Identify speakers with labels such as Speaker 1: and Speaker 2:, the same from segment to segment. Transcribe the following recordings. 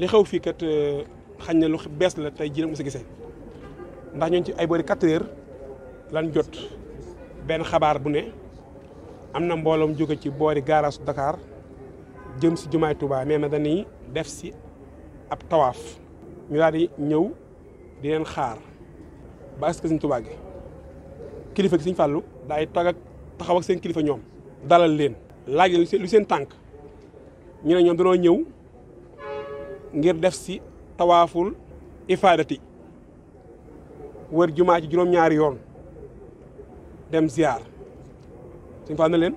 Speaker 1: li xew fii kat euh, xañ na lu bees la tey jii mu si gise ndax ñooñu ci ay boori 4 heures lan jot benn xabaar bu ne am na mbooloom jóge ci boori garage Dakar jëm si jumaay Touba nee na dañuy def si ab tawaaf. ñu daal di ñëw di leen xaar ba est-ce que Sëñ gi kilifa gi Sëñ Fàllu daay toog ak taxaw ak seen kilifa ñoom. dalal leen. laaj lu seen tànk ñu ne ñoom dañoo ñëw. ngir def si tawaaful ifaadati wër jumaa juróom-ñaari yoon dem ziar suñ faa na leen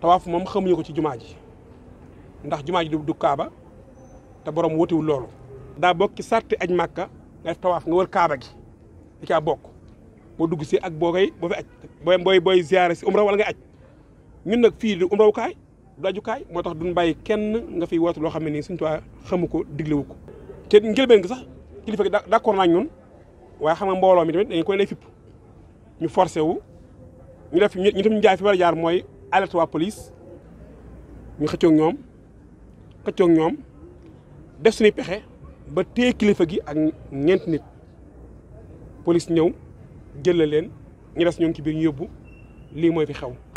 Speaker 1: tawaaf moom xamuñu ko ci jumaa ji ndax jumaa ji du kaaba te borom wutiwul loolu daa bokk ci sarti aj màkka nga def tawaaf nga wër kaaba gi da caa bokk boo dugg si ak boo koy boo fi aj booy booy ziare si umra wala nga aj ñun nag fii di umrawukaay du ajukaay moo tax duñ bàyyi kenn nga fiy woote loo xam ne nii suñu tuwaa xamu ko diglewu ko te njëlbeen gi sax kilifa gi d'accord nañ ñun waaye xam nga mbooloo mi tamit dañ koy lay fipp ñu forcé wu ñu def ñu tam jaay fi jaar mooy alerte waa police ñu xëccoog ñoom xëccoog ñoom def pexe ba téye kilifa gi ak ñeent nit police ñëw jël leen ñu des ñoom ci biir ñu yóbbu lii mooy fi xew